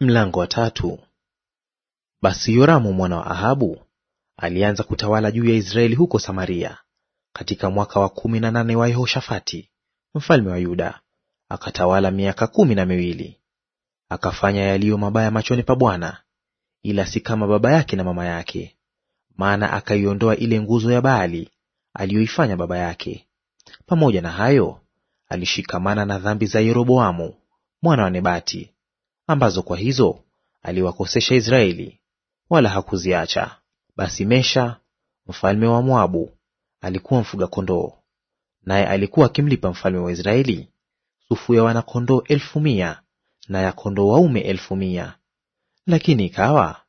Mlango wa tatu. Basi Yoramu mwana wa Ahabu alianza kutawala juu ya Israeli huko Samaria katika mwaka wa kumi na nane wa Yehoshafati mfalme wa Yuda, akatawala miaka kumi na miwili. Akafanya yaliyo mabaya machoni pa Bwana, ila si kama baba yake na mama yake, maana akaiondoa ile nguzo ya Baali aliyoifanya baba yake. Pamoja na hayo, alishikamana na dhambi za Yeroboamu mwana wa Nebati ambazo kwa hizo aliwakosesha Israeli, wala hakuziacha. Basi Mesha mfalme wa Moabu alikuwa mfuga kondoo, naye alikuwa akimlipa mfalme wa Israeli sufu ya wanakondoo elfu mia na ya kondoo waume elfu mia. Lakini ikawa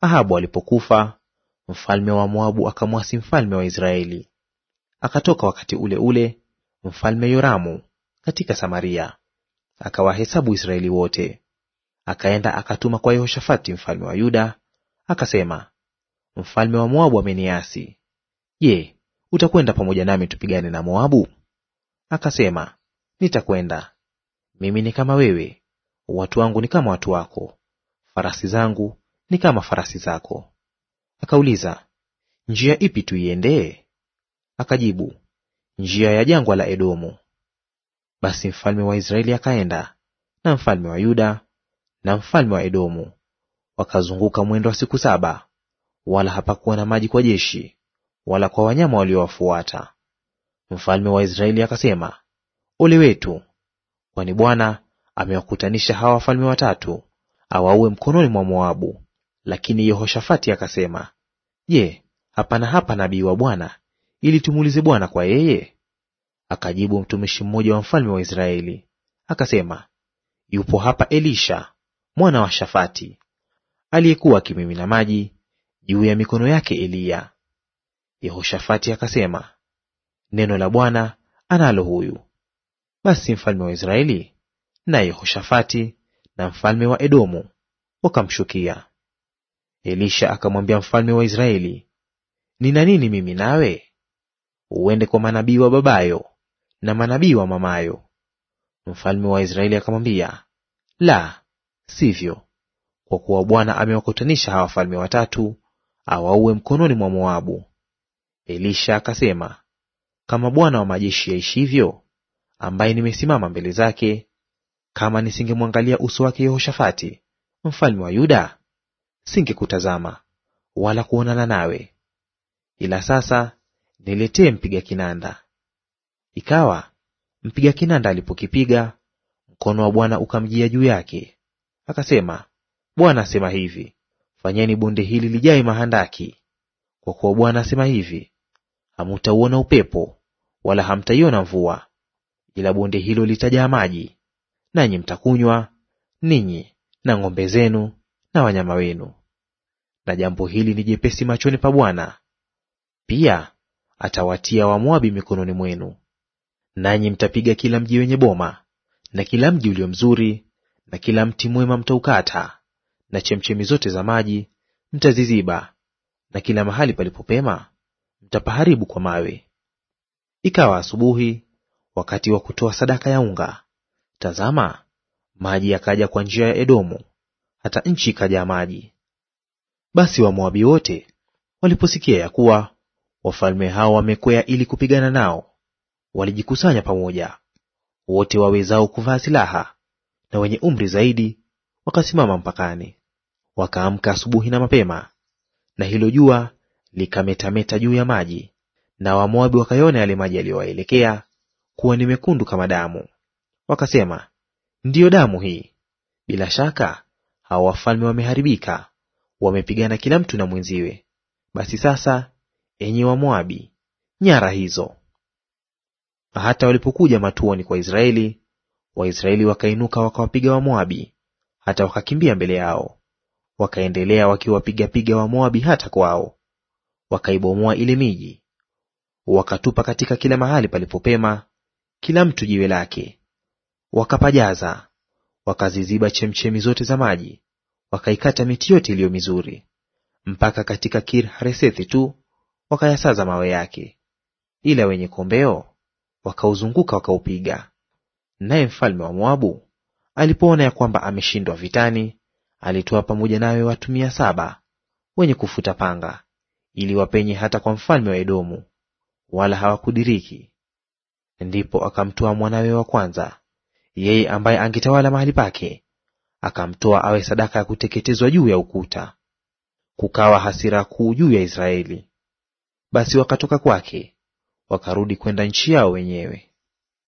Ahabu alipokufa, mfalme wa Moabu akamwasi mfalme wa Israeli. Akatoka wakati ule ule mfalme Yoramu katika Samaria, akawahesabu Israeli wote akaenda akatuma kwa Yehoshafati mfalme wa Yuda, akasema, mfalme wa Moabu ameniasi. Je, utakwenda pamoja nami tupigane na Moabu? Akasema, nitakwenda. Mimi ni kama wewe, watu wangu ni kama watu wako, farasi zangu ni kama farasi zako. Akauliza, njia ipi tuiendee? Akajibu, njia ya jangwa la Edomu. Basi mfalme wa Israeli akaenda na mfalme wa Yuda na mfalme wa Edomu. Wakazunguka mwendo wa siku saba, wala hapakuwa na maji kwa jeshi wala kwa wanyama waliowafuata. Mfalme wa Israeli akasema, ole wetu, kwani Bwana amewakutanisha hawa wafalme watatu awaue mkononi mwa Moabu. Lakini Yehoshafati akasema, je, hapana hapa nabii wa Bwana ili tumuulize Bwana kwa yeye? Akajibu mtumishi mmoja wa mfalme wa Israeli akasema, yupo hapa Elisha mwana wa Shafati, aliyekuwa akimimina maji juu ya mikono yake Eliya. Yehoshafati akasema, neno la Bwana analo huyu. Basi mfalme wa Israeli na Yehoshafati na mfalme wa Edomu wakamshukia. Elisha akamwambia mfalme wa Israeli, nina nini mimi nawe? Uende kwa manabii wa babayo na manabii wa mamayo. Mfalme wa Israeli akamwambia, la, sivyo, kwa kuwa Bwana amewakutanisha hawa wafalme watatu awaue mkononi mwa Moabu. Elisha akasema, kama Bwana wa majeshi yaishivyo, ambaye nimesimama mbele zake, kama nisingemwangalia uso wake Yehoshafati mfalme wa Yuda, singekutazama wala kuonana nawe; ila sasa niletee mpiga kinanda. Ikawa mpiga kinanda alipokipiga, mkono wa Bwana ukamjia juu yake, Akasema, Bwana asema hivi, fanyeni bonde hili lijae mahandaki. Kwa kuwa Bwana asema hivi, hamutauona upepo wala hamtaiona mvua, ila bonde hilo litajaa maji, nanyi mtakunywa ninyi na ng'ombe zenu na wanyama wenu. Na jambo hili ni jepesi machoni pa Bwana. Pia atawatia Wamoabi mikononi mwenu, nanyi mtapiga kila mji wenye boma na kila mji ulio mzuri na kila mti mwema mtaukata, na chemchemi zote za maji mtaziziba, na kila mahali palipopema mtapaharibu kwa mawe. Ikawa asubuhi, wakati wa kutoa sadaka ya unga, tazama, maji yakaja kwa njia ya Edomu, hata nchi ikajaa maji. Basi Wamoabi wote waliposikia ya kuwa wafalme hao wamekwea ili kupigana nao, walijikusanya pamoja, wote wawezao kuvaa silaha na wenye umri zaidi wakasimama mpakani. Wakaamka asubuhi na mapema, na hilo jua likametameta juu ya maji, na Wamoabi wakayona yale maji yaliyowaelekea kuwa ni mekundu kama damu. Wakasema, ndiyo damu hii, bila shaka hao wafalme wameharibika, wamepigana kila mtu na mwenziwe. Basi sasa, enyi Wamoabi, nyara hizo! Hata walipokuja matuoni kwa Israeli, Waisraeli wakainuka wakawapiga Wamoabi, hata wakakimbia mbele yao. Wakaendelea wakiwapigapiga Wamoabi hata kwao, wakaibomoa ile miji, wakatupa katika kila mahali palipopema kila mtu jiwe lake. Wakapajaza, wakaziziba chemchemi zote za maji, wakaikata miti yote iliyo mizuri, mpaka katika Kir Haresethi tu wakayasaza mawe yake, ila wenye kombeo wakauzunguka wakaupiga. Naye mfalme wa Moabu alipoona ya kwamba ameshindwa vitani, alitoa pamoja nawe watu mia saba wenye kufuta panga ili wapenye hata kwa mfalme wa Edomu, wala hawakudiriki. Ndipo akamtoa mwanawe wa kwanza, yeye ambaye angetawala mahali pake, akamtoa awe sadaka ya kuteketezwa juu ya ukuta. Kukawa hasira kuu juu ya Israeli. Basi wakatoka kwake wakarudi kwenda nchi yao wenyewe.